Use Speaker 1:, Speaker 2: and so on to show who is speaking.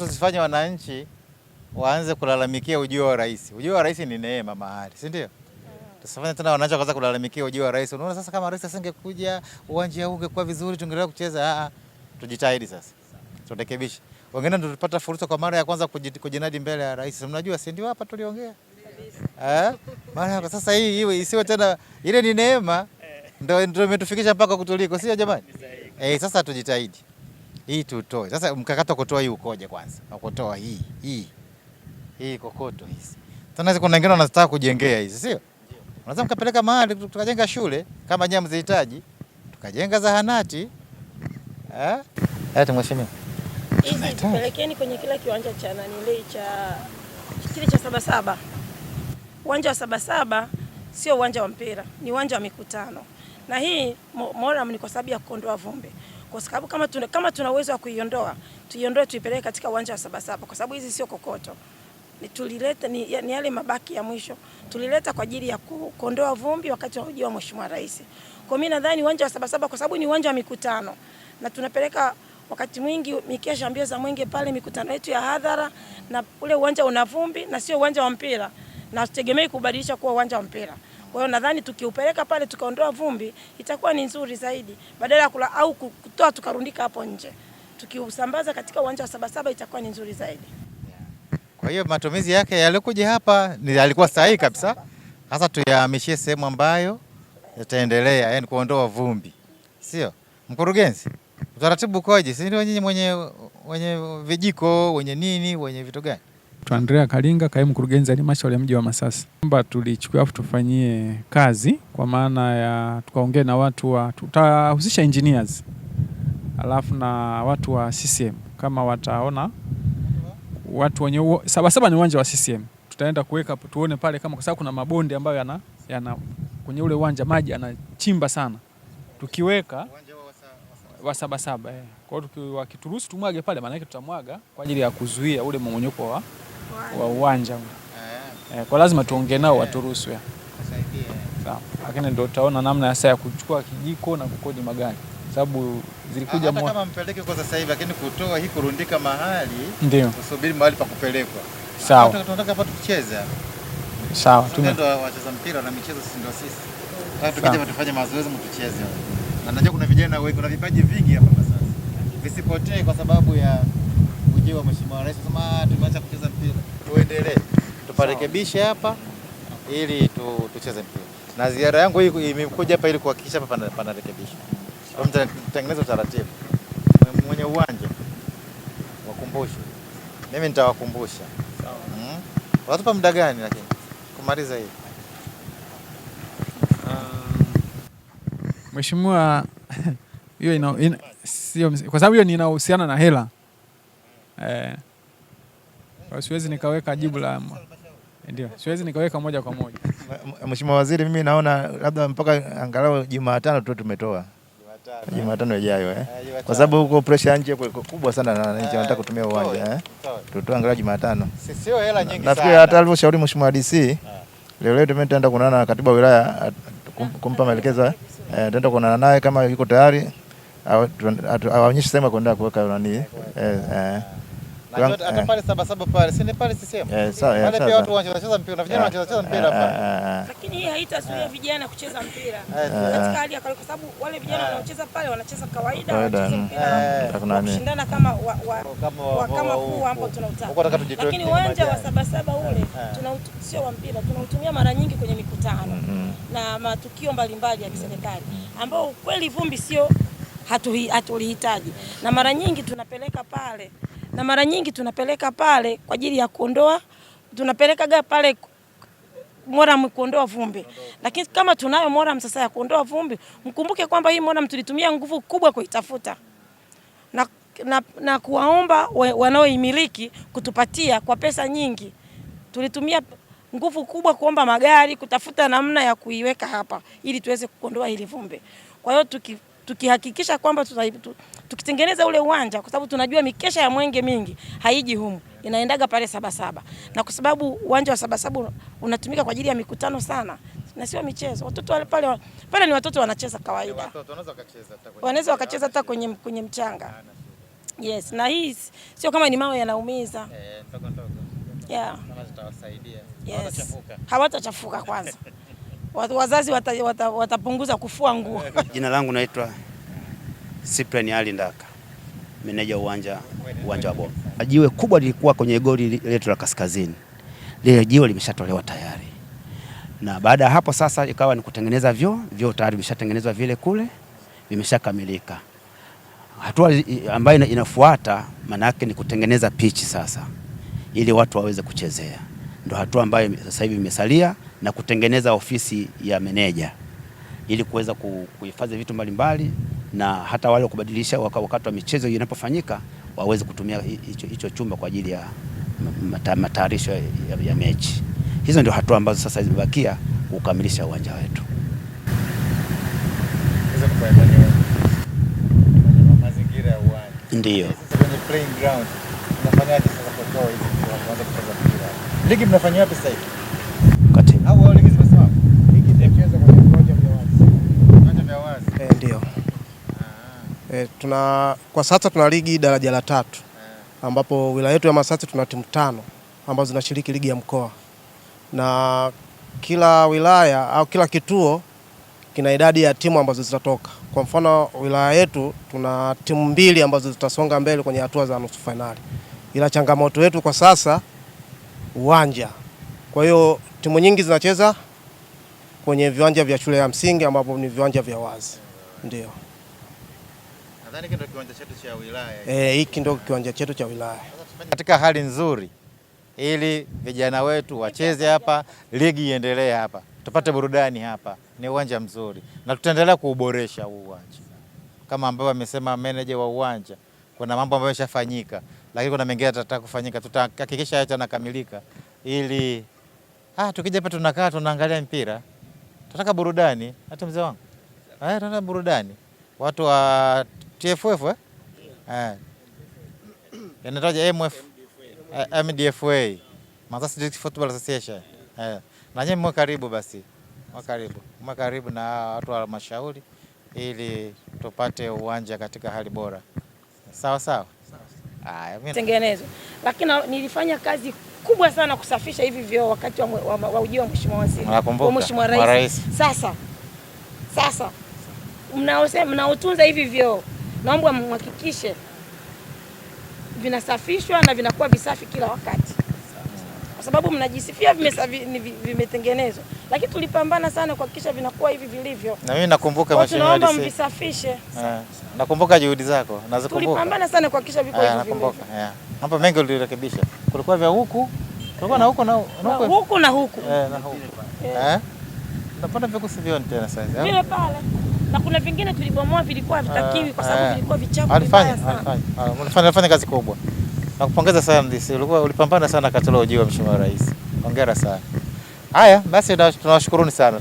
Speaker 1: Tusifanye wananchi waanze kulalamikia ujio wa rais. Ujio wa rais ni neema mahali, si ndio? Tusifanye tena wananchi wakaanza kulalamikia ujio wa rais. Unaona sasa, kama rais asingekuja uwanja huu ungekuwa vizuri, tungeendelea kucheza. Ah, tujitahidi sasa, turekebishe. Wengine ndio tupata fursa kwa mara ya kwanza kujinadi mbele ya rais, mnajua, si ndio? Hapa tuliongea eh, mara sasa hii iwe isiwe tena, ile ni neema eh. ndio ndio imetufikisha mpaka kutuliko, sio jamani? Eh, sasa tujitahidi hii tutoe. Sasa mkakati wa kutoa hii ukoje? Kwanza na kutoa hii hii hii kokoto hizi, tena kuna wengine wanataka kujengea hizi, sio? Unaweza mkapeleka mahali tukajenga shule kama nyinyi mzihitaji, tukajenga zahanati eh. Ati mheshimiwa,
Speaker 2: hizi tupelekeni kwenye kila kiwanja cha nani ile cha kile cha Sabasaba. Uwanja wa Sabasaba sio uwanja wa mpira, ni uwanja wa mikutano, na hii moram ni kwa sababu ya kuondoa vumbi kwa sababu kama tuna, kama tuna uwezo wa kuiondoa tuiondoe, tuipeleke katika uwanja wa Sabasaba, kwa sababu hizi sio kokoto ni tulileta ni ni yale mabaki ya mwisho tulileta kwa ajili ya kuondoa vumbi wakati wa hoja wa Mheshimiwa Rais. Kwa mimi nadhani uwanja wa Sabasaba kwa sababu ni uwanja wa mikutano na tunapeleka wakati mwingi mikesha mbio za mwenge pale, mikutano yetu ya hadhara, na ule uwanja una vumbi na sio uwanja wa mpira, na tutegemei kubadilisha kuwa uwanja wa mpira. Kwa hiyo nadhani tukiupeleka pale tukaondoa vumbi itakuwa ni nzuri zaidi, badala ya kula au kutoa tukarundika hapo nje. Tukiusambaza katika uwanja wa Sabasaba itakuwa ni nzuri zaidi.
Speaker 1: Kwa hiyo matumizi yake yaliokuja hapa yalikuwa sahihi kabisa, hasa tuyahamishie sehemu ambayo yataendelea, yani kuondoa vumbi, sio mkurugenzi? Utaratibu ukoje? Si ndio nyinyi mwenye, wenye vijiko wenye nini wenye vitu gani?
Speaker 3: Dr. Andrea Kalinga, kaimu mkurugenzi halmashauri ya mji wa Masasi, kwamba tulichukua afu tufanyie kazi, kwa maana ya tukaongea na watu wa tutahusisha engineers alafu na watu wa CCM kama wataona watu wenye saba saba ni uwanja wa CCM tutaenda kuweka tuone pale kama, kwa sababu kuna mabonde ambayo yana, yana kwenye ule uwanja maji yanachimba sana, tukiweka wa saba saba eh. Kwa hiyo wakituruhusu tumwage pale, maana yake tutamwaga kwa ajili ya kuzuia ule mmonyoko wa wa uwanja eh, kwa lazima tuongee nao waturuhusu sawa, lakini ndio utaona namna sasa ya kuchukua kijiko na kukodi magari sababu zilikuja ah, mwa... kama
Speaker 1: mpeleke kwa sasa hivi, lakini kutoa hii kurundika mahali ndio kusubiri mahali pa kupelekwa.
Speaker 3: Sawa, tunataka
Speaker 1: hapa tucheze. Sawa, tume ndio wacheza mpira na michezo, sisi ndio sisi. Sasa tukija tufanye mazoezi, mtucheze. Na najua kuna vijana wengi, kuna vipaji vingi hapa sasa, visipotee kwa sababu ya kujiwa Mheshimiwa Rais sema ah, tumeacha kucheza mpira, tuendelee tuparekebishe hapa ili tu, tucheze mpira. Na ziara yangu hii imekuja hapa ili kuhakikisha hapa panarekebishwa, mtengeneza utaratibu, mwenye uwanja wakumbushe, mimi nitawakumbusha. Mm. Watupa muda gani lakini kumaliza hii
Speaker 3: ah, Mheshimiwa hiyo ina, ina, sio, kwa sababu hiyo ninahusiana na hela eh. Siwezi nikaweka jibu la ndio, siwezi nikaweka moja kwa moja.
Speaker 1: Mheshimiwa Waziri, mimi naona labda mpaka angalau Jumatano tu tumetoa Jumatano ijayo eh? eh kwa sababu huko pressure nje kubwa sana na nchi eh, wanataka kutumia uwanja eh? Tutoa angalau Jumatano. Sio hela nyingi sana. Nafikiri hata alivyoshauri Mheshimiwa DC eh. leo leo tumetaenda kuonana na katibu wa wilaya kumpa maelekezo. Tutaenda kuonana naye kama yuko tayari aonyeshe sehemu ya kwenda kuweka nani hata pale Sabasaba pale, haitazuia eh. vijana kucheza mpira eh, eh, katika hali ya kwa sababu wale vijana wanaocheza pale wanacheza kawaida, wanacheza mpira kushindana kama kama huu lakini uwanja wa Sabasaba ule sio wa mpira, tunautumia mara nyingi kwenye mikutano mm, mm. na matukio mbalimbali ya kiserikali mm, ambao ukweli vumbi sio hatulihitaji, na mara nyingi tunapeleka pale na mara nyingi tunapeleka pale kwa ajili ya kuondoa, tunapelekaga pale Moram kuondoa vumbi, lakini kama tunayo Moram sasa ya kuondoa vumbi, mkumbuke kwamba hii Moram tulitumia nguvu kubwa kuitafuta na, na, na kuwaomba wanaoimiliki kutupatia kwa pesa nyingi. Tulitumia nguvu kubwa kuomba magari, kutafuta namna ya kuiweka hapa ili tuweze kuondoa hili vumbi. Kwa hiyo tuki tukihakikisha kwamba tukitengeneza ule uwanja, kwa sababu tunajua mikesha ya mwenge mingi haiji humu, inaendaga pale Sabasaba, na kwa sababu uwanja wa Sabasaba unatumika kwa ajili ya mikutano sana na sio michezo. Watoto wale pale pale ni watoto wanacheza kawaida, watoto wanaweza wakacheza hata kwenye, kwenye mchanga yes, na hii sio kama ni mawe yanaumiza eh, yeah. Hawatachafuka kwanza wazazi watapunguza wata, wata kufua nguo. Jina langu naitwa Cyprian Ali Ndaka, meneja uwanja uwanja wa Boma. Jiwe kubwa lilikuwa kwenye goli letu la kaskazini, lile jiwe limeshatolewa tayari, na baada ya hapo sasa ikawa ni kutengeneza vyoo. Vyoo tayari vimeshatengenezwa vile kule, vimeshakamilika. Hatua ambayo inafuata maana yake ni kutengeneza pichi sasa, ili watu waweze kuchezea, ndio hatua ambayo sasa hivi imesalia na kutengeneza ofisi ya meneja ili kuweza kuhifadhi vitu mbalimbali na hata wale kubadilisha wakati wa michezo inapofanyika waweze kutumia hicho chumba kwa ajili ya matayarisho ya, ya mechi. Hizo ndio hatua ambazo sasa zimebakia kukamilisha uwanja wetu. Ndio. Ligi mnafanya wapi sasa hivi? E, tuna, kwa sasa tuna ligi daraja la tatu ambapo wilaya yetu ya Masasi tuna timu tano ambazo zinashiriki ligi ya mkoa, na kila wilaya au kila kituo kina idadi ya timu ambazo zitatoka. Kwa mfano wilaya yetu tuna timu mbili ambazo zitasonga mbele kwenye hatua za nusu fainali, ila changamoto yetu kwa sasa uwanja. Kwa hiyo timu nyingi zinacheza kwenye viwanja vya shule ya msingi ambapo ni viwanja vya wazi, ndio. Nadhani ndio kiwanja chetu cha wilaya. Eh, hiki ndio kiwanja chetu cha wilaya katika hali nzuri, ili vijana wetu wacheze hapa, ligi iendelee hapa, tupate burudani hapa. Ni uwanja mzuri na tutaendelea kuuboresha huu uwanja kama ambavyo amesema meneja wa uwanja. Kuna mambo ambayo yashafanyika, lakini kuna mengine yatataka kufanyika. Tutahakikisha yote yanakamilika ili ah, tukija hapa tunakaa tunaangalia mpira, tunataka burudani. Hata mzee wangu eh, tunataka burudani, watu wa TFF eh? Yeah. Yanataja MF eh, MDFA Masasi District Football Association. Eh. Na nyinyi mwe karibu basi. Mwe karibu. Mwe karibu na watu wa halmashauri ili tupate uwanja katika hali bora. Sawa sawa. Haya, mimi tengenezo. Lakini nilifanya kazi kubwa sana kusafisha hivi vyoo wakati wa, wa, wa ujio wa mheshimiwa waziri. Wa mheshimiwa rais. Sasa. Sasa. Mnaosema mnaotunza hivi vyoo naomba mhakikishe vinasafishwa na vinakuwa visafi kila wakati, kwa sababu mnajisifia vimetengenezwa, lakini tulipambana sana kuhakikisha vinakuwa hivi vilivyo. Na mimi nakumbuka mheshimiwa, tunaomba mvisafishe. Eh, nakumbuka juhudi zako, nazikumbuka. Tulipambana sana kuhakikisha viko eh, hivi vilivyo. Hapa mengi ulirekebisha, kulikuwa vya huku kulikuwa na huku na huku na huku, eh, na na huku, huku eh, eh, napata vikusi vioni tena sasa vile pale na kuna vingine tulibomoa vilikuwa vitakiwi kwa sababu eh, eh. vilikuwa vichafu. Alifanya alifanya Alifanya, alifanya kazi kubwa, nakupongeza sana DC, ulikuwa ulipambana sana katika ujio wa Mheshimiwa Rais, hongera sana. Haya basi, tunawashukuruni sana.